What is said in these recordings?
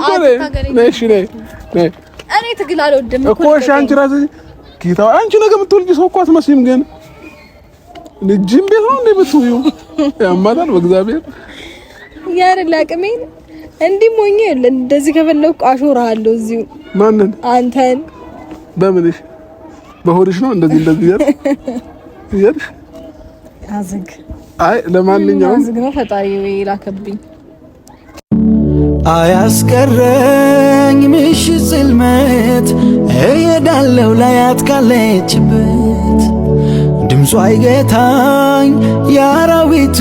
እኮ ነኝ። ነይ እኔ ትግል አልወድም እኮ እሺ። አንቺ ራስሽ ጌታ፣ አንቺ ነገ የምትወልጂ ሰው እኮ አትመስይም። ግን ልጅም ቤት እንደ የምትውይው ያማታል። በእግዚአብሔር ያረላ አቅሜን እንዲህ ሞኝ እንደዚህ ከፈለኩ አሾርሃለሁ እዚሁ። ማንን? አንተን። በምንሽ? በሆድሽ ነው እንደዚህ እንደዚህ ያር ያር አዝግ። አይ ለማንኛውም አዝግ ነው ፈጣሪ ላከብኝ። አያስቀረኝ ምሽት ጽልመት እየዳለው ላያት ካለችበት ድምፁ አይገታኝ የአራዊቱ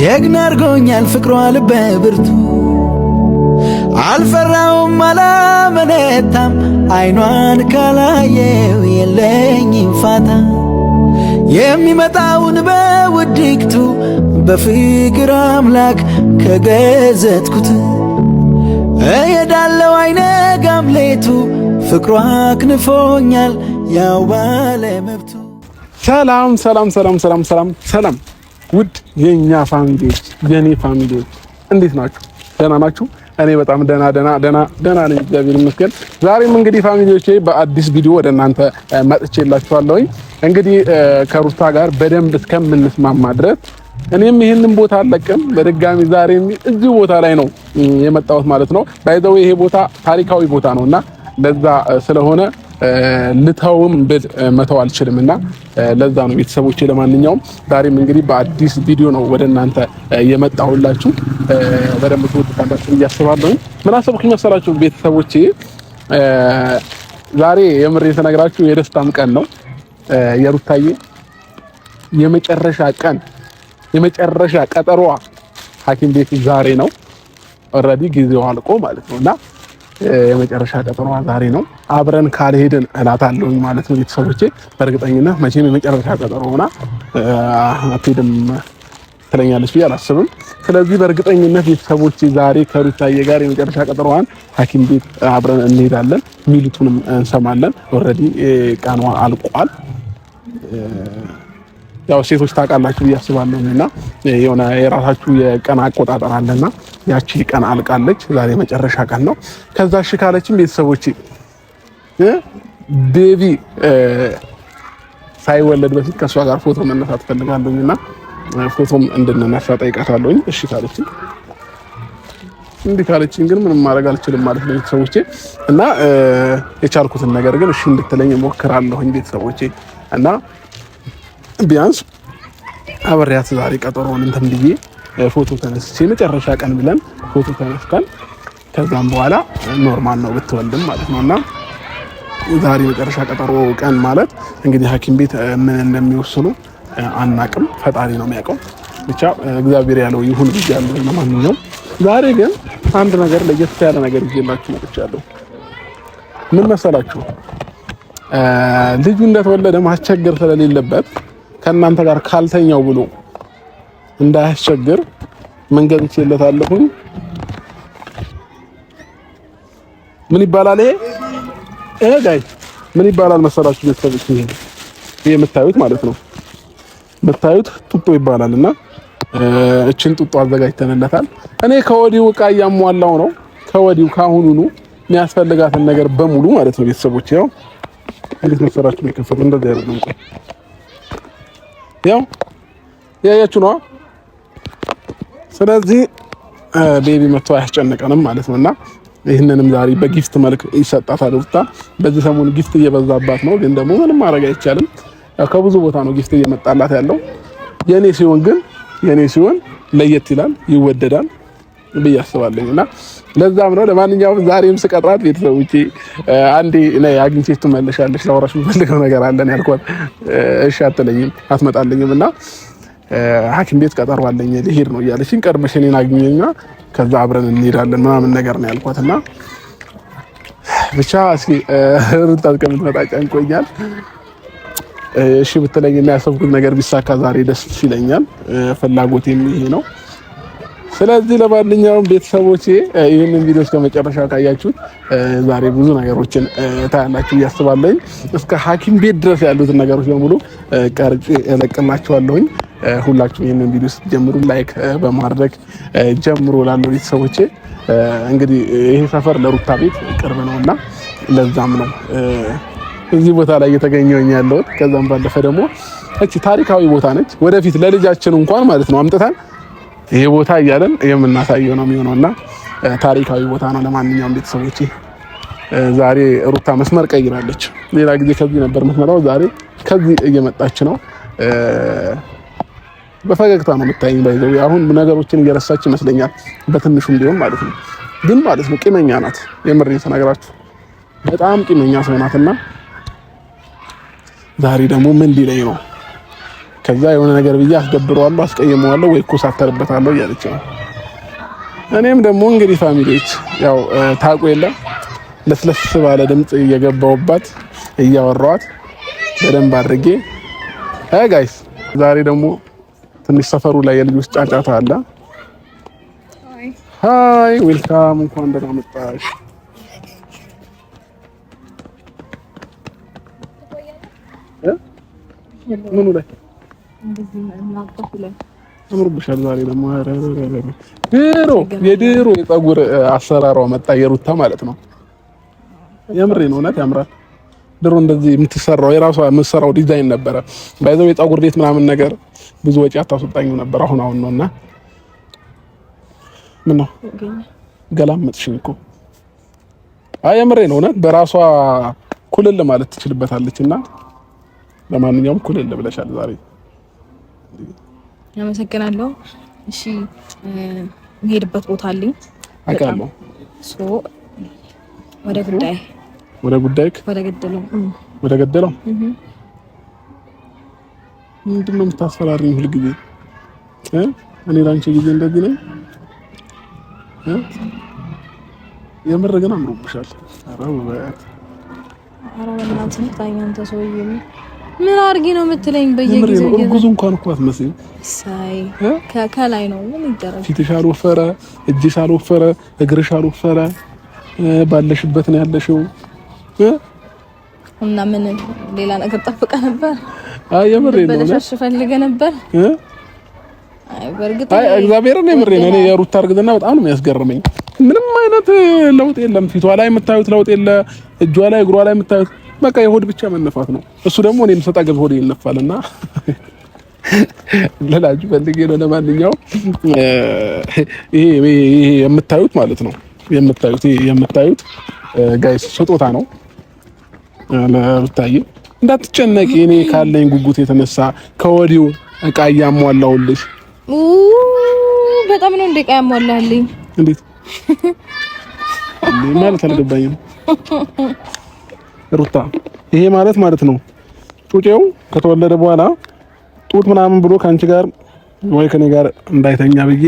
ጀግና አርጎኛል ፍቅሯ ልበ ብርቱ አልፈራውም አላመነታም አይኗን ካላየው የለኝም ፋታ የሚመጣውን በውድቅቱ በፍቅር አምላክ ከገዘትኩት እየዳለው አይነ ጋምሌቱ ፍቅሯ አክንፎኛል ያው ባለ መብቱ። ሰላም ሰላም ሰላም ሰላም ሰላም ሰላም! ውድ የእኛ ፋሚሊዎች የእኔ ፋሚሊዎች እንዴት ናችሁ? ደህና ናችሁ? እኔ በጣም ደና ደና ደና ደና ነኝ፣ እግዚአብሔር ይመስገን። ዛሬም እንግዲህ ፋሚሊዎቼ በአዲስ ቪዲዮ ወደ እናንተ መጥቼላችኋለሁኝ። እንግዲህ ከሩታ ጋር በደንብ እስከምንስማማ ድረስ እኔም ይህንን ቦታ አለቅም። በድጋሚ ዛሬ እዚሁ ቦታ ላይ ነው የመጣሁት ማለት ነው። ባይዘው ይሄ ቦታ ታሪካዊ ቦታ ነው እና ለዛ ስለሆነ ልተውም ብል መተው አልችልም እና ለዛ ነው ቤተሰቦች ለማንኛውም ዛሬም እንግዲህ በአዲስ ቪዲዮ ነው ወደ እናንተ የመጣሁላችሁ። በደንብ ትወዱታላችሁ እያስባለሁ። ምን አሰብኩኝ መሰላችሁ ቤተሰቦቼ? ዛሬ የምሬ ተነግራችሁ የደስታም ቀን ነው የሩታዬ የመጨረሻ ቀን የመጨረሻ ቀጠሮዋ ሐኪም ቤት ዛሬ ነው። ኦልሬዲ ጊዜው አልቆ ማለት ነውና የመጨረሻ ቀጠሮዋ ዛሬ ነው። አብረን ካልሄድን እላታለሁ ማለት ነው ቤተሰቦቼ። በእርግጠኝነት መቼም የመጨረሻ ቀጠሮ ሆና አትሄድም። ትክክለኛለች ብዬ አላስብም። ስለዚህ በእርግጠኝነት ቤተሰቦች ዛሬ ከሩታዬ ጋር የመጨረሻ ቀጠሮዋን ሐኪም ቤት አብረን እንሄዳለን ሚሉቱንም እንሰማለን። ኦልሬዲ ቀኗ አልቋል። ያው ሴቶች ታውቃላችሁ ብዬ አስባለሁ እና የሆነ የራሳችሁ የቀን አቆጣጠር አለና ያቺ ቀን አልቃለች። ዛሬ መጨረሻ ቀን ነው። ከዛ እሺ ካለችም ቤተሰቦች ቤቢ ሳይወለድ በፊት ከእሷ ጋር ፎቶ መነሳት ፈልጋለሁኝና ፎቶም እንድንነሳ ጠይቃታለሁኝ። እሺ ካለችኝ እንዲህ ካለችኝ ግን ምንም ማድረግ አልችልም ማለት ነው ቤተሰቦቼ። እና የቻልኩትን ነገር ግን እሺ እንድትለኝ ሞክራለሁኝ ቤተሰቦቼ። እና ቢያንስ አብሬያት ዛሬ ቀጠሮውን እንትን ብዬ ፎቶ ተነስቼ መጨረሻ ቀን ብለን ፎቶ ተነስተን ከዛም በኋላ ኖርማል ነው ብትወልድም ማለት ነው እና ዛሬ መጨረሻ ቀጠሮ ቀን ማለት እንግዲህ ሐኪም ቤት ምን እንደሚወስኑ አናቅም፣ ፈጣሪ ነው የሚያውቀው። ብቻ እግዚአብሔር ያለው ይሁን ብያለሁ። ለማንኛውም ዛሬ ግን አንድ ነገር ለየት ያለ ነገር ይዤላችሁ መጥቻለሁ። ምን መሰላችሁ? ልጁ እንደተወለደ ማስቸገር ስለሌለበት ከእናንተ ጋር ካልተኛው ብሎ እንዳያስቸግር መንገድ ገብቼለታለሁኝ? ምን ይባላል ይሄ? ይሄ ጋይ ምን ይባላል መሰላችሁ? ቤተሰቦች ይሄ የምታዩት ማለት ነው የምታዩት ጡጦ ይባላል እና እችን ጡጦ አዘጋጅተንለታል። እኔ ከወዲሁ እቃ እያሟላው ነው። ከወዲሁ ከአሁኑኑ የሚያስፈልጋትን ነገር በሙሉ ማለት ነው። ቤተሰቦች ያው እንዴት መሰራችሁ ነው የከፈቱ እንደዚህ አይደለም። ያው ያያችሁ ነዋ። ስለዚህ ቤቢ መጥቶ አያስጨንቀንም ማለት ነውና ይህንንም ዛሬ በጊፍት መልክ ይሰጣታል። ብታ በዚህ ሰሞን ጊፍት እየበዛባት ነው፣ ግን ደግሞ ምንም ማድረግ አይቻልም። ከብዙ ቦታ ነው ጊፍት እየመጣላት ያለው። የኔ ሲሆን ግን የኔ ሲሆን ለየት ይላል፣ ይወደዳል ብዬ አስባለሁ እና ለዛም ነው። ለማንኛውም ዛሬም ስቀጥራት ቤተሰቦቼ አንዴ ነይ አግኝቼ ትመለሻለሽ፣ ለወራሽ የምፈልገው ነገር አለን ያልኳት፣ እሺ አትለኝም፣ አትመጣልኝም እና ሐኪም ቤት ቀጠሮ አለኝ ልሄድ ነው እያለችኝ ቀድመሽ እኔን አግኘኝና ከዛ አብረን እንሄዳለን ምናምን ነገር ነው ያልኳት እና ብቻ እስኪ ሩታ እስከምትመጣ ጨንቆኛል። እሺ ብትለኝ የሚያሰብኩት ነገር ቢሳካ ዛሬ ደስ ይለኛል። ፍላጎቴም ይሄ ነው። ስለዚህ ለማንኛውም ቤተሰቦቼ ይህንን ቪዲዮ እስከ መጨረሻ ካያችሁት ዛሬ ብዙ ነገሮችን ታያላችሁ እያስባለኝ እስከ ሐኪም ቤት ድረስ ያሉትን ነገሮች በሙሉ ቀርጬ እለቅላችኋለሁኝ። ሁላችሁ ይህንን ቪዲዮ ስትጀምሩ ላይክ በማድረግ ጀምሮ ላሉ ቤተሰቦቼ እንግዲህ ይሄ ሰፈር ለሩታ ቤት ቅርብ ነውና ለዛም ነው እዚህ ቦታ ላይ እየተገኘሁኝ ያለሁት። ከዛም ባለፈ ደግሞ እቺ ታሪካዊ ቦታ ነች። ወደፊት ለልጃችን እንኳን ማለት ነው አምጥተን ይሄ ቦታ እያለን የምናሳየው ነው የሚሆነው እና ታሪካዊ ቦታ ነው። ለማንኛውም ቤተሰቦች ዛሬ ሩታ መስመር ቀይራለች። ሌላ ጊዜ ከዚህ ነበር መስመራው፣ ዛሬ ከዚህ እየመጣች ነው። በፈገግታ ነው የምታየኝ። ባይዘው አሁን ነገሮችን እየረሳች ይመስለኛል፣ በትንሹም ቢሆን ማለት ነው። ግን ማለት ነው ቂመኛ ናት። የምሬን ተናግራችሁ በጣም ቂመኛ ሰው ናትና ዛሬ ደግሞ ምን ሊለኝ ነው? ከዛ የሆነ ነገር ብዬ አስደብረዋለሁ፣ አስቀይመዋለሁ ወይ እኮ ሳተርበታለሁ እያለች ነው። እኔም ደግሞ እንግዲህ ፋሚሊዎች ያው ታውቁ የለም ለስለስ ባለ ድምፅ እየገባውባት እያወራኋት በደንብ አድርጌ ጋይስ፣ ዛሬ ደግሞ ትንሽ ሰፈሩ ላይ የልጆች ጫጫታ አለ። ሃይ ዌልካም፣ እንኳን ደህና መጣሽ። ምኑ ላይ አምሮብሻል ዛሬ ደግሞ። ድሮ የድሮ የፀጉር አሰራሯ መጣ የሩታ ማለት ነው። የምሬ ነው፣ እውነት ያምራል። ድሮ እንደዚህ የምትሰራው የራሷ የምትሰራው ዲዛይን ነበረ። ባይዘው የፀጉር ቤት ምናምን ነገር ብዙ ወጪ አታስወጣኝ ነበር። አሁን አሁን ነውና ምን ነው ገላመጥሽኝ እኮ። አይ የምሬ ነው፣ እውነት በራሷ ኩልል ማለት ትችልበታለች እና ለማንኛውም እኩል የለ ብለሻል ዛሬ። አመሰግናለሁ። እሺ የምሄድበት ቦታ አለኝ አውቃለሁ። ወደ ጉዳይ ወደ ጉዳይ ወደ ገደለው ወደ ገደለው ምንድን ነው የምታስፈራሪኝ? ሁልጊዜ እኔ ላንቺ ጊዜ እንደዚህ ነኝ። የምር ግን አምሮብሻል። ኧረ ውበት ምን አድርጌ ነው የምትለኝ? በየጊዜው እርጉዝ እንኳን እኮ አትመስይም። ሳይ ከላይ ነው ምን ይደረግ። ፊትሽ አልወፈረ፣ እጅሽ አልወፈረ፣ እግርሽ አልወፈረ፣ ባለሽበት ነው ያለሽው። እና ምን ሌላ ነገር ጠብቀ ነበር? አይ የምሬ ነው። ለሽ ፈልገ ነበር? አይ በርግጥ አይ እግዚአብሔርን የምሬ ነው። እኔ የሩታ እርግዝና በጣም ነው የሚያስገርመኝ። ምንም አይነት ለውጥ የለም። ፊቷ ላይ የምታዩት ለውጥ የለ፣ እጇ ላይ እግሯ ላይ የምታዩት በቃ የሆድ ብቻ መነፋት ነው። እሱ ደግሞ እኔም ሰጣ ገብ ሆድ ይነፋልና ልላችሁ ፈልጌ ነው። ለማንኛውም ይሄ የምታዩት ማለት ነው የምታዩት የምታዩት ጋይስ ስጦታ ነው ለብታይ እንዳትጨነቂ እኔ ካለኝ ጉጉት የተነሳ ከወዲሁ እቃ እያሟላሁልሽ። በጣም ነው እንደ እቃ ያሟላልኝ። እንዴት ማለት አልገባኝም። ሩታ። ይሄ ማለት ማለት ነው ጩጬው ከተወለደ በኋላ ጡት ምናምን ብሎ ከአንቺ ጋር ወይ ከኔ ጋር እንዳይተኛ ብዬ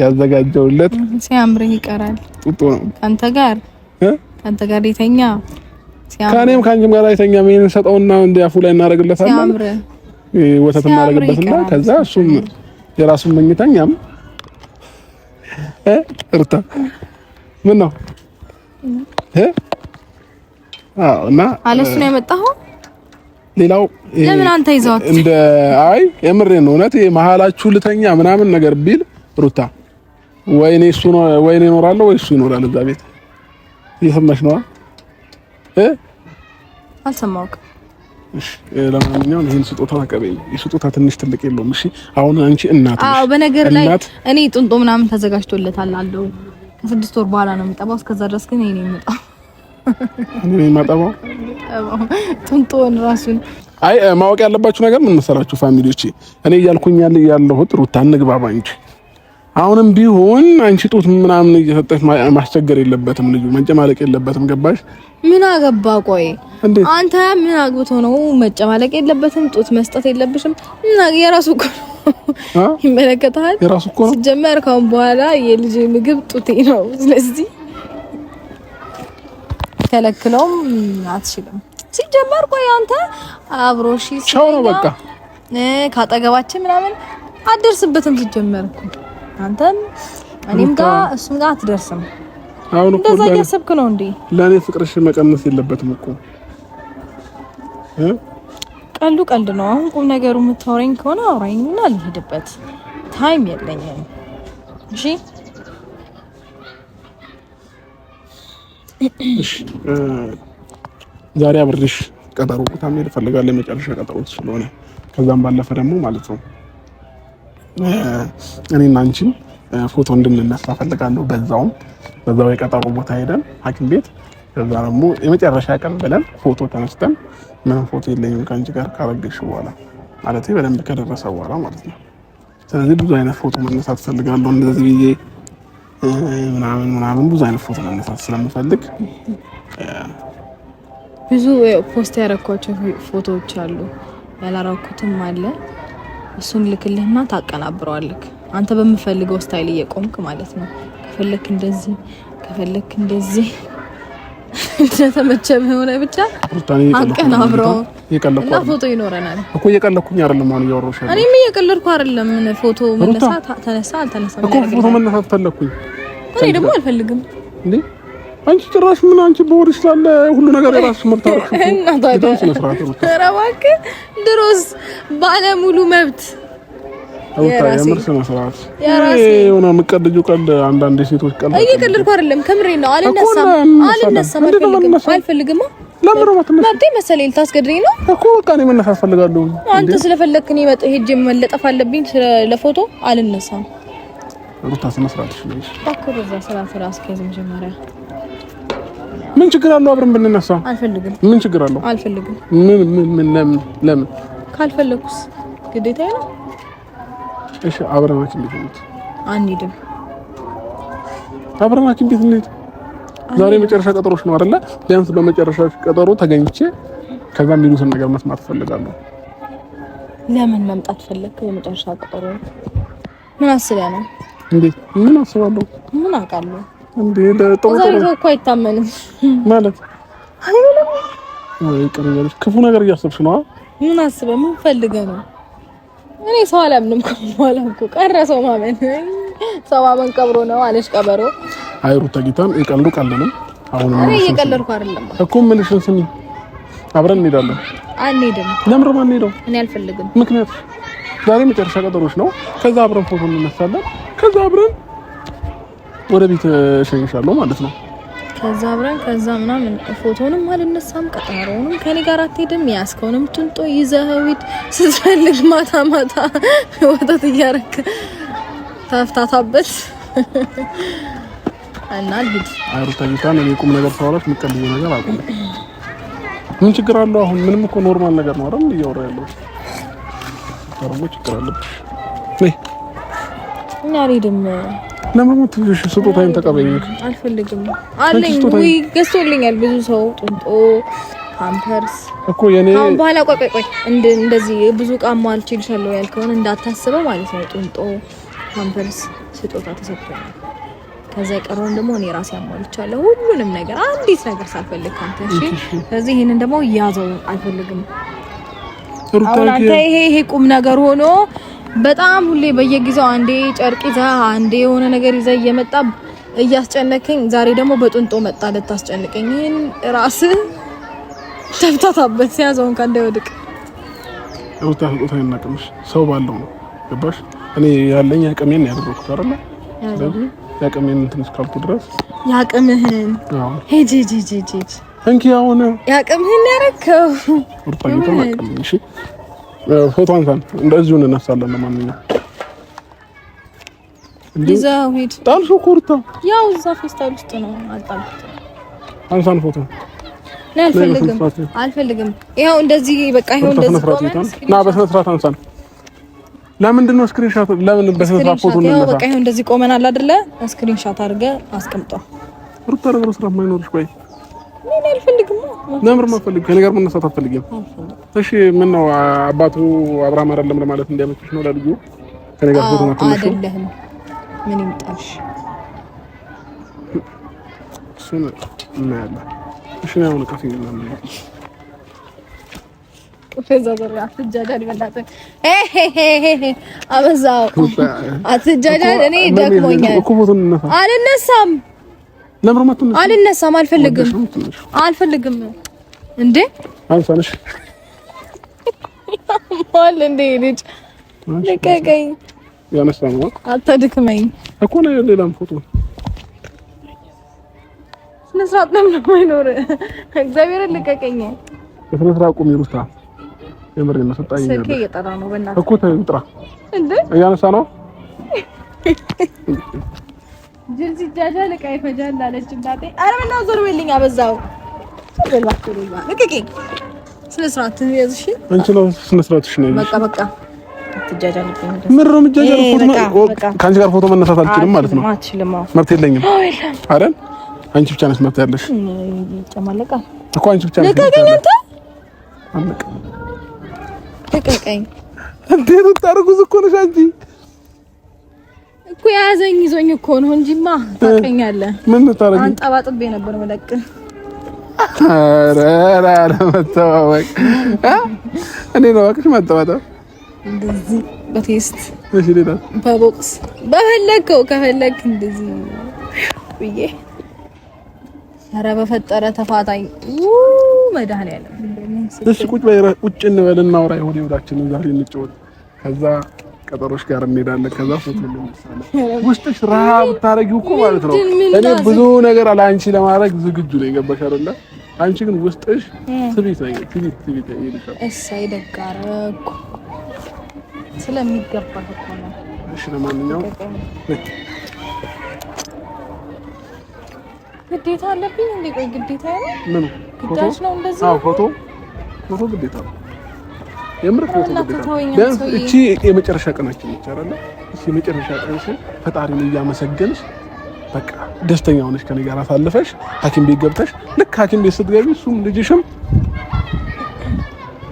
ያዘጋጀውለት ሲያምር ይቀራል። ጡጡ ነው አንተ ጋር አንተ ጋር ይተኛ ከእኔም ከአንቺም ጋር አይተኛ። ምን ሰጠውና እንደ አፉ ላይ እናደርግለታለን፣ ወተት እናደርግለትና ከዛ እሱም የራሱን መኝተኛም እ ሩታ ምን ነው እ እና አለሱ ነው የመጣኸው። ሌላው ለምን አንተ ይዘዋት እንደ አይ የምሬን ነው እውነት መሀላችሁ ልተኛ ምናምን ነገር ቢል ሩታ ወይኔ እሱ ነው ወይኔ እኖራለሁ ወይ እሱ ይኖራል እዛ ቤት እየሰማሽ ነዋ እ አልሰማሁም። ለማንኛውም ይሄን ስጦታ አቀበይ። ስጦታ ትንሽ ትልቅ የለውም። እሺ አሁን አንቺ እናት አዎ፣ በነገር ላይ እኔ ጥንጦ ምናምን ተዘጋጅቶለታል አለው። ከስድስት ወር በኋላ ነው የሚጠባው። እስከዛ ድረስ ግን ይሄ ነው የሚመጣው ማጠባው ጥንጦን ራሱን አይ ማወቅ ያለባችሁ ነገር ምን መሰላችሁ ፋሚሊዎቼ፣ እኔ እያልኩኝ ያለ ያለሁት ሩታ እንግባባ እንጂ አሁንም ቢሆን አንቺ ጡት ምናምን እየሰጠች ማስቸገር የለበትም ልጁ መጨማለቅ የለበትም ገባሽ? ምን አገባ? ቆይ አንተ ምን አግብቶ ነው መጨማለቅ የለበትም ጡት መስጠት የለብሽም? እና የራሱ እኮ ነው ይመለከታል። የራሱ እኮ ነው ሲጀመር። ካሁን በኋላ የልጅ ምግብ ጡቴ ነው ስለዚህ ልትከለክለውም አትችልም። ሲጀመር ቆይ አንተ አብሮ ሺ ሰው ነው በቃ ካጠገባችን ምናምን አትደርስበትም። ሲጀመር አንተም እኔም ጋር እሱም ጋር አትደርስም። አሁን እኮ እንደዛ እያሰብክ ነው እንዴ? ለእኔ ፍቅርሽ መቀነስ የለበትም እኮ ቀልዱ ቀልድ ነው። አሁን ቁም ነገሩ የምታወራኝ ከሆነ አውራኝና ልሄድበት ታይም የለኝም። እሺ ዛሬ አብሬሽ ቀጠሮ ቦታ መሄድ እፈልጋለሁ፣ የመጨረሻ ቀጠሮ ስለሆነ ከዛም ባለፈ ደግሞ ማለት ነው እኔና አንቺን ፎቶ እንድንነሳ እፈልጋለሁ። በዛውም በዛው የቀጠሮ ቦታ ሄደን ሐኪም ቤት ከዛ ደግሞ የመጨረሻ ቀን ብለን ፎቶ ተነስተን ምንም ፎቶ የለኝም ከአንቺ ጋር ካረገሽ በኋላ ማለት በደንብ ከደረሰ በኋላ ማለት ነው። ስለዚህ ብዙ አይነት ፎቶ መነሳት እፈልጋለሁ እንደዚህ ብዬ ምናምን ምናምን ብዙ አይነት ፎቶ መነሳት ስለምፈልግ ብዙ ፖስት ያረኳቸው ፎቶዎች አሉ፣ ያላረኩትም አለ። እሱን ልክልህና ታቀናብረዋልክ አንተ በምፈልገው ስታይል እየቆምክ ማለት ነው። ከፈለክ እንደዚህ ከፈለክ እንደዚህ እንደተመቸህ የሆነ ብቻ አቀናብረው እየቀለድኩ እና ፎቶ ይኖረናል እኮ እየቀለድኩኝ አይደለም። አሁን እያወራሁሽ አይደለም። እኔም እየቀለድኩ አይደለም። ምን ፎቶ መነሳት ተነሳ አልተነሳም እኮ ፎቶ መነሳት ፈለኩኝ። እኔ ደግሞ አልፈልግም እንዴ አንቺ ጭራሽ ምን አንቺ በወር ስላለ ሁሉ ነገር የራስሽ መብት አደረግሽ እና ታዲያ ኧረ እባክህ ድሮስ ባለ ሙሉ መብት የምር ስነ ስርዓት የሆነ የምትቀልጂው ቀልድ አንዳንድ ሴቶች ቀልድ እየቀለድኩ አይደለም። ከምሬ ነው። አልነሳም አልነሳም አልፈልግም አልፈልግም ለምን መብቴ መሰለኝ። ልታስገድደኝ ነው እኮ በቃ እኔ መነሳት ፈልጋለሁ። አንተ ስለፈለክ እኔ መጥ መለጠፍ አለብኝ። ለፎቶ አልነሳም። ሩታ ስነ ስርዓት ትችላለሽ። ስራ ስራ መጀመሪያ ምን ችግር አለው? አብረን ብንነሳ። አልፈልግም። ምን ችግር አለው? አልፈልግም። ምን ምን ምን ለምን ለምን? ካልፈለኩስ ግዴታ ነው? እሺ አብረናችን ቤት እንሂድ። አንሂድም። አብረናችን ቤት እንሂድ ዛሬ መጨረሻ ቀጠሮች ነው አይደለ? ቢያንስ በመጨረሻ ቀጠሮ ተገኝቼ ከዛ የሚሉትን ነገር መስማት ፈልጋለሁ። ለምን መምጣት ፈለግ? የመጨረሻ ቀጠሮ ምን አስበህ ነው እንዴ? ምን አስባለሁ? ምን አውቃለሁ እንዴ? ለጦር እኮ አይታመንም ማለት አይደለም ወይ? ክፉ ነገር እያሰብሽ ነው። ምን አስበህ ምን ፈልገህ ነው? እኔ ሰው አላምንም። ከኋላ እኮ ቀረ ሰው ማመን። ሰው ማመን ቀብሮ ነው አለሽ ቀበሮ አይ ሩታ ጌታን የቀልዱ ቀልድ ነው። አሁን ምን እየቀለድኩ አይደለም እኮ የምልሽ። ስሚ አብረን እንሄዳለን። አንሄድም። ለምንድን ነው የማንሄደው? እኔ አልፈልግም። ምክንያት ዛሬ መጨረሻ ቀጠሮች ነው። ከዛ አብረን ፎቶ እንነሳለን። ከዛ አብረን ወደ ቤት እሸኝሻለሁ ማለት ነው። ከዛ አብረን ከዛ ምናምን ፎቶንም አልነሳም፣ ቀጠሮውንም ከኔ ጋር አትሄድም። ያስከውንም ትንጦ ይዘኸው ሂድ ስትፈልግ ማታ ማታ ወተት እያረክ ተፍታታበት አሩታጌታን እኔ ቁም ነገር ሳወራሽ የምትቀልዩ ነገር አቁም። ምን ችግር አለው? አሁን ምንም እኮ ኖርማል ነገር ነው አይደል? እያወራ ያለው ታረሙ ችግር አለብሽ? ነይ እኛ አልሄድም። ለምን ትንሽ ስጦታዬን ተቀበይኝ። አልፈልግም አለኝ። ወይ ገዝቶልኛል ብዙ ሰው ጥንጦ ፓምፐርስ እኮ የኔ አሁን በኋላ ቆይ ቆይ ቆይ እንደዚህ ብዙ ዕቃ ማልችልሻለሁ ያልከውን እንዳታስበው ማለት ነው። ጥንጦ ፓምፐርስ ስጦታ ተሰጥቶኛል። ከዛ የቀረውን ደግሞ እኔ ራሴ አሟልቻለሁ። ሁሉንም ነገር አንዲት ነገር ሳልፈልግ ካንተ እሺ። ስለዚህ ይሄንን ደግሞ ያዘው አልፈልግም። አሁን አንተ ይሄ ይሄ ቁም ነገር ሆኖ በጣም ሁሌ በየጊዜው አንዴ ጨርቅ ይዛ አንዴ የሆነ ነገር ይዛ እየመጣ እያስጨነቀኝ፣ ዛሬ ደግሞ በጥንጦ መጣ ልታስጨንቀኝ። ይሄን ራስ ተብታታበት ሲያዘውን ካንደ ወድቅ ሩታ ፍቅታ ይናቀምሽ ሰው ባለው ነው ገባሽ? እኔ ያለኝ አቅሜን ያደረኩት አይደለ የአቅሜን እንትን እስካልኩ ድረስ የአቅምህን ሂጂ ሂጂ ሂጂ ሂጂ እንኪ አሁን የአቅምህን እሺ ፎቶ አንሳን፣ እንደዚሁ እንነሳለን። ለማንኛውም ይዘው ሂድ። ጣልሽው እኮ ሩታ፣ ያው እዛ ፌስታል ውስጥ ነው አልጣልኩት። አንሳን ፎቶ አልፈልግም፣ አልፈልግም። ይኸው እንደዚህ በቃ፣ ይኸው እንደዚህ ነው ና፣ በስነ ስርዓት አንሳን ለምንድን ነው ስክሪንሾት? ለምን በስነ ፎቶ ነው? ያለው? በቃ ይሄ እንደዚህ ቆመናል አይደለ? ስክሪን ስክሪንሾት አድርገህ አስቀምጠው። ሩታ ነገር ስራ የማይኖርሽ ቆይ፣ ምን አልፈልግም። ለምን ማፈልግ ከኔ ጋር መነሳት አትፈልጊም? እሺ፣ ምን ነው አባቱ አብርሃም አይደለም ለማለት እንዲያመችሽ ነው ለልጁ። ከነገር ፎቶ ፎቶ ማትነሽ አይደለም። ምን ይምጣሽ? እሱን እናያለን። እሺ ነው ነው አትጃጃል፣ በእናትህ አበዛው። አትጃጃል። እኔ ደክሞኛል፣ አልነሳም፣ አልነሳም፣ አልፈልግም፣ አልፈልግም። እንዴ አንሳነሽ ማል እንዴ ልጅ ልቀቀኝ። ያነሳ ነው አታድክመኝ እኮ ነው። ሌላም ፎቶ ስነ ስርዓት ለምን ነው የማይኖር? እግዚአብሔርን ልቀቀኝ። ስነ ስርዓት ቁም ይሩታ የምር ነው። ስልኬ እየጠራ ነው። በእናትህ እኮ ተይው፣ ጥራ እንዴ! እያነሳ ነው። ጅል ሲጃጃል ዕቃ ይፈጃል አለች እናቴ። ኧረ ዞር በልኝ፣ አበዛው። ስነ ስርዓት እሺ አንቺ ነው ስነ ነው በቃ በቃ። ከአንቺ ጋር ፎቶ መነሳት አልችልም ማለት ነው። መብት የለኝም አይደል? አንቺ ብቻ ነሽ መብት ያለሽ እኮ አንቺ ብቻ ነሽ። ልቀቀኝ አንተ ተቀቀኝ እንዴት ታርጉዝ እኮ ነሽ አንቺ እኮ የያዘኝ ይዞኝ እኮ ነው እንጂማ ታውቀኛለህ። ምን ታረጊ? አንጠባጥቤ ነበር መለቅ። ኧረ እኔ ነው እባክሽ። ማጠባጠብ እንደዚህ በቴስት እሺ፣ ሌላ በቦክስ በፈለግከው ከፈለግ እንደዚህ ብዬ ኧረ በፈጠረ ተፋታኝ መድኃኒዓለም እሺ ቁጭ በይ፣ ቁጭ እንበል እናውራ። ይሁን ይውላችን ዛሬ እንጫወት፣ ከዛ ቀጠሮች ጋር እንሄዳለን። ከዛ ፎቶ እንነሳለን። ውስጥሽ ረሃብ ብታረጊው እኮ ማለት ነው። እኔ ብዙ ነገር ለአንቺ ለማድረግ ዝግጁ ነው። የገባሽ አይደለ? አንቺ ግን ውስጥሽ ትቢት ነው። ትቢት ትቢት ይልሻል። እሰይ ደጋረ እኮ ስለሚገባ እኮ ነው። እሺ ለማንኛውም ግዴታ አለብኝ እንዴ? ቆይ ግዴታ ነው ምን ግዴታሽ ነው እንደዚህ? አዎ ፎቶ ፎቶ ግዴታ ነው። የምር ፎቶ ግዴታ ነው። እቺ የመጨረሻ ቀናችን ይቻላል። እቺ የመጨረሻ ቀንሽ ፈጣሪን እያመሰገንሽ በቃ ደስተኛ ሆነሽ ከኔ ጋር አሳልፈሽ ሐኪም ቤት ገብተሽ ልክ ሐኪም ቤት ስትገቢ እሱም ልጅሽም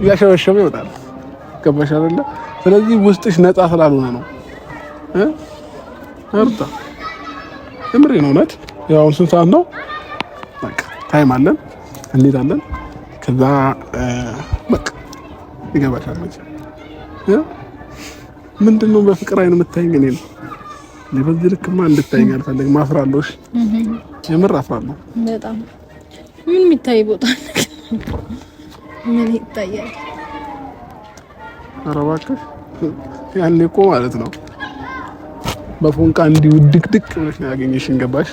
እያሸበሸበ ይወጣል። ገባሽ አይደለ? ስለዚህ ውስጥሽ ነፃ ስላልሆነ ነው። እርታ የምሬን እውነት። ያው አሁን ስንት ሰዓት ነው? በቃ ታይም አለን፣ እንሄዳለን ከዛ ትገባሻለች። ምንድን ነው በፍቅር አይን የምታይኝ? እኔ ነው በዚህ ልክማ እንድታይኝ አልፈለግም። አፍራለሁ፣ የምር አፍራለሁ። በጣም ምን የሚታይ ቦታ ምን ይታያል? ኧረ እባክሽ ያኔ እኮ ማለት ነው በፎንቃ እንዲሁ ድቅድቅ ሆነሽ ነው ያገኘሽኝ። ገባሽ?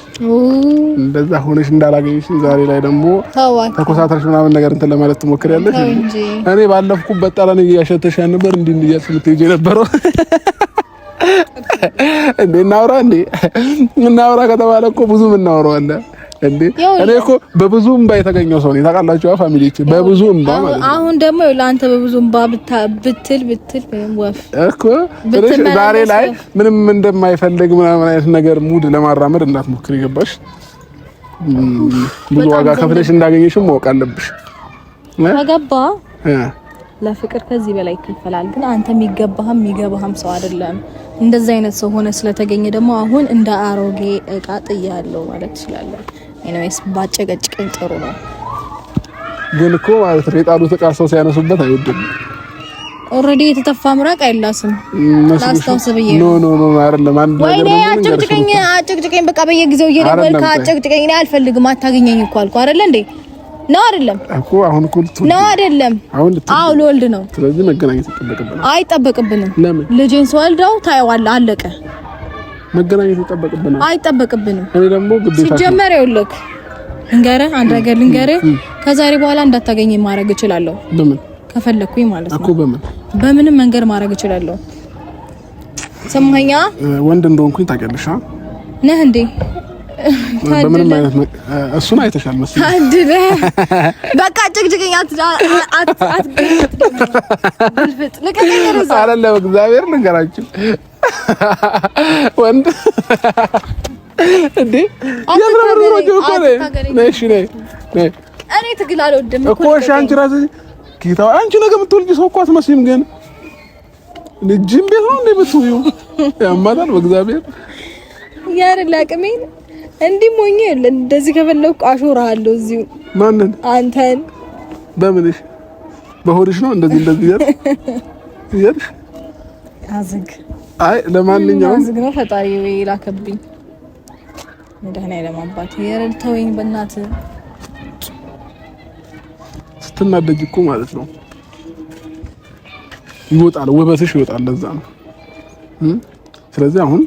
እንደዛ ሆነሽ እንዳላገኘሽኝ ዛሬ ላይ ደግሞ ተኮሳተርሽ ምናምን ነገር እንትን ለማለት ትሞክሪያለሽ። እኔ ባለፍኩበት ጠረን እያሸተሽ ነበር እንዲ እንዲያልሽ የምትሄጂ የነበረው እንዴ? እናውራ እንዴ? እናውራ ከተባለ እኮ ብዙ ምናውረዋለን እንዴ እኔ እኮ በብዙ እምባ የተገኘው ሰው ነኝ ታውቃላችሁ። አ በብዙ እምባ ማለት ነው። አሁን ደግሞ ለአንተ በብዙ እምባ ብትል ብትል እኮ ዛሬ ላይ ምንም እንደማይፈልግ ምናምን አይነት ነገር ሙድ ለማራመድ እንዳትሞክር ይገባሽ። ብዙ ዋጋ ከፍለሽ እንዳገኘሽም ማወቅ አለብሽ። ተገባ ለፍቅር ከዚህ በላይ ይከፈላል። ግን አንተ የሚገባህም የሚገባህም ሰው አይደለም። እንደዚህ አይነት ሰው ሆነ ስለተገኘ ደግሞ አሁን እንደ አሮጌ እቃ ጥያለው ማለት ትችላለህ። ኤኒዌይስ ባጨቀጭቀኝ ጥሩ ነው። ግን እኮ ማለት ነው የጣሉት ሰው ሲያነሱበት አይወድም። ኦልሬዲ የተተፋ ምራቅ አይላስም። ላስታውስ ብዬ ኖ ኖ ኖ አይደለም። አንድ ነገር ነው። አጨቅጭቀኝ አጨቅጭቀኝ፣ በቃ በየጊዜው እየደወልክ አጨቅጭቀኝ። እኔ አልፈልግም፣ አታገኘኝ እኮ አልኩህ አይደለ እንዴ? ነው አይደለም እኮ አሁን እኮ ነው አይደለም። አዎ ልወልድ ነው። ስለዚህ መገናኘት አይጠበቅብንም። ልጄን ስወልደው ታየዋለህ። አለቀ መገናኘት ይጠበቅብናል አይጠበቅብንም? እኔ ደግሞ ግዴታ ሲጀመር ይኸውልህ ልንገርህ አንድ ነገር ልንገርህ፣ ከዛሬ በኋላ እንዳታገኘ ማድረግ እችላለሁ። በምን ከፈለኩኝ ማለት ነው እኮ በምን በምንም መንገድ ማድረግ እችላለሁ። ሰማኛ ወንድ እንደሆንኩኝ ታውቂያለሽ ነህ እንዴ? በምንም አይነት እሱን አይተሻል መሰለኝ። ታድለህ በቃ ጭቅጭቅኝ አትአት አት አት ልፈጥ ለከተረዛ አላለ በእግዚአብሔር ልንገራችሁ ወንድ እንዴ ያምራምሮጆ ኮሬ ነሽ ነይ ነይ እኔ ትግል አልወድም እኮ እሺ። አንቺ ራስሽ ጌታው አንቺ ነገ የምትወልጂ ሰው እኮ አትመስይም። ግን ልጅም ቤት ነው እንዴ የምትውይው? ያማታል በእግዚአብሔር ያር ላቅሜን እንዲህ ሞኝ እንደዚህ ከፈለኩ አሾርሃለሁ እዚሁ። ማንን? አንተን። በምንሽ? በሆድሽ ነው እንደዚህ እንደዚህ ያር ያር አዝግ አይ ለማንኛውም ዝግነ ፈጣሪ ላከብኝ መድኃኒዓለም አባት የረድተውኝ በእናት ስትናደጅ እኮ ማለት ነው ይወጣል፣ ውበትሽ ይወጣል። ለዛ ነው። ስለዚህ አሁን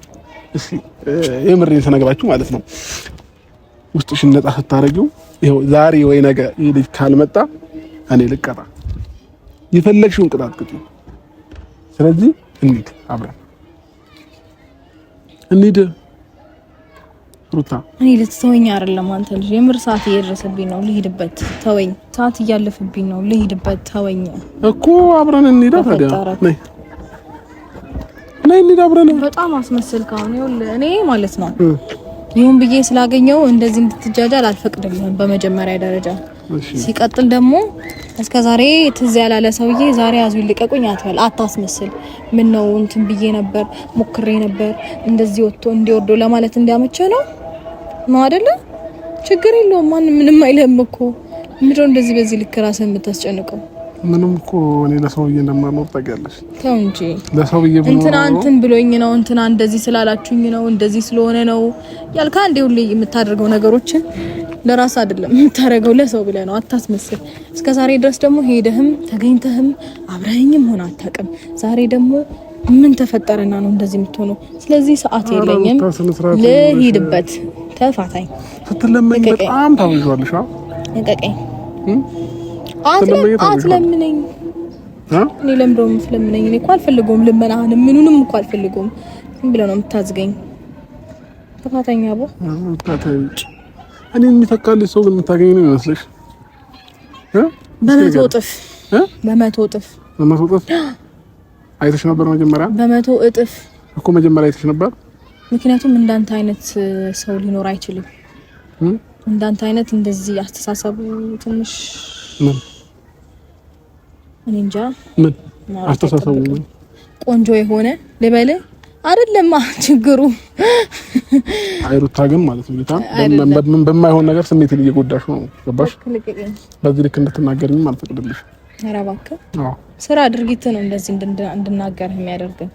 እሺ የምሬን ተነግራችሁ ማለት ነው ውስጥሽን ነፃ ስታደርጊው ይኸው ዛሬ ወይ ነገ ይህ ልጅ ካልመጣ እኔ ልቀጣ፣ የፈለግሽውን ቅጣት ቅጪ። ስለዚህ እንሂድ አብረን እንሂድ ሩታ። እኔ ልትተወኝ አይደለም አንተ ልጅ፣ የምር ሰዓት እየደረሰብኝ ነው፣ ልሂድበት። ተወኝ፣ ሰዓት እያለፍብኝ ነው፣ ልሂድበት። ተወኝ እኮ አብረን እንሂዳ ታዲያ። ነይ ነይ እንሂድ አብረን። በጣም አስመስልክ አሁን። ይኸውልህ እኔ ማለት ነው ይሁን ብዬ ስላገኘው እንደዚህ እንድትጃጃል አልፈቅድልህም በመጀመሪያ ደረጃ ሲቀጥል ደግሞ እስከ ዛሬ ትዝ ያላለ ሰውዬ ዛሬ ያዙ ይልቀቁኝ አትበል፣ አታስመስል። ምን ነው እንትን ብዬ ነበር ሞክሬ ነበር እንደዚህ ወጥቶ እንዲወርዶ ለማለት እንዲያመቸ ነው ነው አይደለ? ችግር የለውም ማን ምንም አይልም እኮ ምድሮ እንደዚህ በዚህ ልክ ራስህን የምታስጨንቀው ምንም እኮ እኔ ለሰውዬ እንደማልኖር ታውቂያለሽ። ተው እንጂ ለሰውዬ ብሎ እንትና እንትን ብሎኝ ነው እንትና እንደዚህ ስላላችሁኝ ነው እንደዚህ ስለሆነ ነው ያልካ እንዴ የምታደርገው ነገሮችን ለራስ አይደለም የምታደርገው ለሰው ብለ ነው። አታስመስል። እስከ ዛሬ ድረስ ደግሞ ሄደህም ተገኝተህም አብረኸኝም ሆነ አታውቅም። ዛሬ ደግሞ ምን ተፈጠረና ነው እንደዚህ የምትሆነው? ስለዚህ ሰዓት የለኝም ልሂድበት። ተፋታኝ ስትለመኝ በጣም ታውሻለሽ። ልቀቀኝ። አትለምነኝ። እኔ ለምደውም ስለምነኝ እኔ እኮ አልፈልገውም። ልመናህንም ምኑንም እኮ አልፈልገውም። ዝም ብለህ ነው የምታዝገኝ። ተፋታኝ አቦ እኔ የሚተካልሽ ሰው የምታገኝ ነው ይመስልሽ? በመቶ እጥፍ በመቶ እጥፍ በመቶ እጥፍ አይተሽ ነበር መጀመሪያ? በመቶ እጥፍ እኮ መጀመሪያ አይተሽ ነበር። ምክንያቱም እንዳንተ አይነት ሰው ሊኖር አይችልም። እንዳንተ አይነት እንደዚህ አስተሳሰቡ ትንሽ ምን እኔ እንጃ ምን አስተሳሰቡ ቆንጆ የሆነ ልበልህ አይደለም ችግሩ። አይሩታ ግን ማለት ነው ጌታ በማይሆን ነገር ስሜት እየጎዳሽ ነው። ገባሽ? በዚህ ልክ እንድትናገርኝ አልፈቅድልሽ። ኧረ እባክህ ስራ ድርጊት ነው እንደዚህ እንድናገር የሚያደርግን።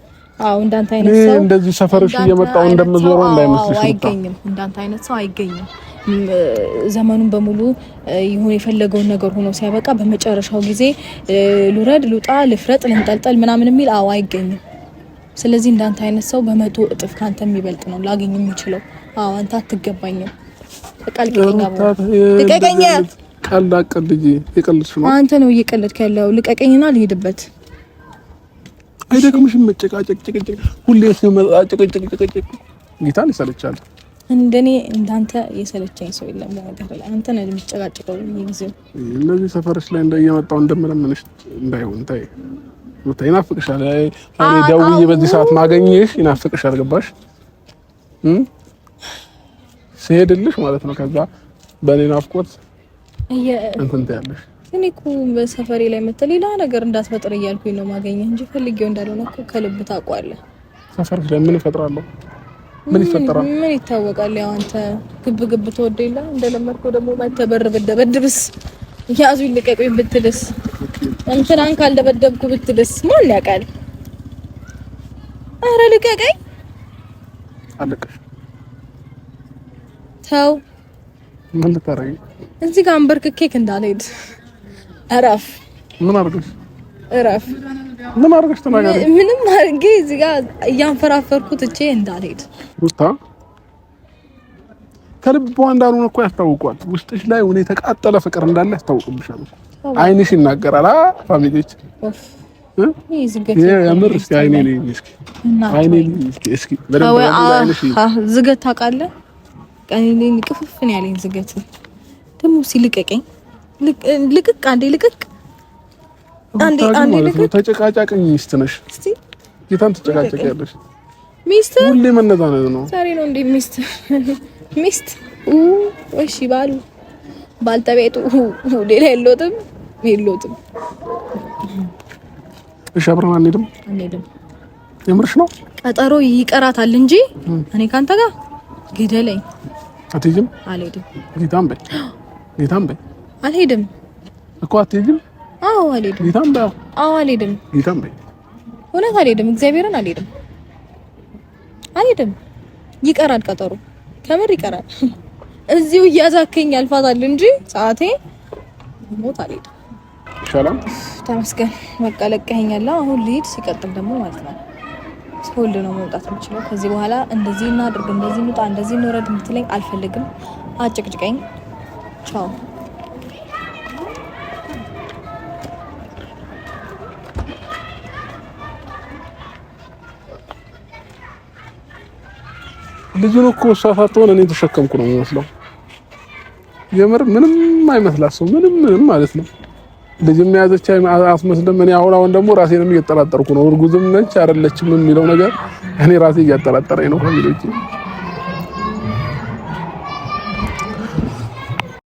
አዎ እንዳንተ አይነት ሰው እንደዚህ ሰፈርሽ እየመጣው እንደምዞረው እንዳይመስልሽ። አይገኝም፣ እንዳንተ አይነት ሰው አይገኝም። ዘመኑን በሙሉ ይሁን የፈለገውን ነገር ሆኖ ሲያበቃ በመጨረሻው ጊዜ ልውረድ፣ ልውጣ፣ ልፍረጥ፣ ልንጠልጠል ምናምን የሚል አዎ አይገኝም። ስለዚህ እንዳንተ አይነት ሰው በመቶ እጥፍ ከአንተ የሚበልጥ ነው ላገኝ የሚችለው። አዎ አንተ አትገባኝም። አንተ ነው እየቀለድክ ያለው። ልቀቀኝና ልሄድበት። አይደክምሽም? ጭቃጭቅ እንደኔ እንዳንተ የሰለቸኝ ሰው የለም። ነገር ላይ አንተ ነህ የምትጨቃጭቀው ጊዜ። እንደዚህ ሰፈርሽ ላይ እየመጣሁ እንደምለምንሽ እንዳይሆን ታይ ሩታ ይናፍቅሻል። እኔ ደውዬ በዚህ ሰዓት ማገኘሽ ይናፍቅሻል። ገባሽ? ሲሄድልሽ ማለት ነው። ከዛ በእኔ ናፍቆት እንትን ትያለሽ። እኔ እኮ ሰፈሬ ላይ መተህ ሌላ ነገር እንዳትፈጥር እያልኩኝ ነው ማገኘህ እንጂ ፈልጌው እንዳልሆነ እኮ ከልብ ታውቀዋለህ። ሰፈር ስለምን እፈጥራለሁ? ምን ይፈጠራል? ምን ይታወቃል? ያው አንተ ግብ ግብ ትወደው የለ እንደለመድከው ደግሞ ማተበር ብደበድብስ ያዙ ይልቀቁኝ ብትልስ እንትናን ካልደበደብኩ ብትልስ ማን ያውቃል? አረ ልቀቀኝ። አለቀሽ። ተው። ምን ልታረጊ? እዚህ ጋር አንበርክኬ እንዳልሄድ። እረፍ። ምን አድርገሽ? እረፍ። ምን አድርገሽ ተናገሪ። ምንም አድርጌ እዚህ ጋር እያንፈራፈርኩት እቼ እንዳልሄድ። ሩታ ከልቧ እንዳልሆነ እኮ ያስታውቋል። ውስጥሽ ላይ ሁኔታ የተቃጠለ ፍቅር እንዳለ ያስታውቅብሻል። አይንሽ ይናገራል። ፋሚሊዎች የምር እስኪ አይኔ እስኪ አይኔ እስኪ ዝገት ታውቃለህ? ቅፍፍን ያለኝ ዝገት ደግሞ ሲልቀቀኝ ልቅቅ አንዴ ልቅቅ ተጨቃጫቅኝ ሚስት ነሽ። ጌታን ተጨቃጨቅ ሚስት ሁሌ ነው። ዛሬ ነው እንዴ ሚስት ሚስት እሺ ባልተቤቱ ሌላ የለውጥም። እሺ አብረን አንሄድም? አንሄድም። የምርሽ ነው? ቀጠሮ ይቀራታል እንጂ እኔ ካንተ ጋር ግደለኝ። አትሄጂም? አልሄድም። ጌታም በይ ጌታም በይ። አልሄድም እኮ አትሄጂም? አዎ አልሄድም። ጌታም በይ። አዎ አልሄድም። ጌታም በይ። እውነት አልሄድም። እግዚአብሔርን አልሄድም። አልሄድም። ይቀራል ቀጠሮ፣ ከምር ይቀራል። እዚሁ እያዛከኝ ያልፋታል እንጂ ሰዓቴ ሞት አልሄድም። ይሻላል። ተመስገን በቃ አሁን ልሂድ። ሲቀጥል ደግሞ ማለት ነው ስወልድ ነው መውጣት የምችለው። ከዚህ በኋላ እንደዚህ እናድርግ፣ እንደዚህ እንውጣ፣ እንደዚህ እንውረድ የምትለኝ አልፈልግም። አጭቅጭቀኝ። ቻው። ልጁን እኮ እሷ እኔ ተሸከምኩ ነው የሚመስለው። የምር ምንም አይመስላት ሰው ምንም ምንም ማለት ነው ልጅም የያዘች አስመስልም። እኔ አሁን አሁን ደግሞ ራሴንም እየጠራጠርኩ ነው። እርጉዝም ነች አይደለችም የሚለው ነገር እኔ ራሴ እያጠራጠረኝ ነው።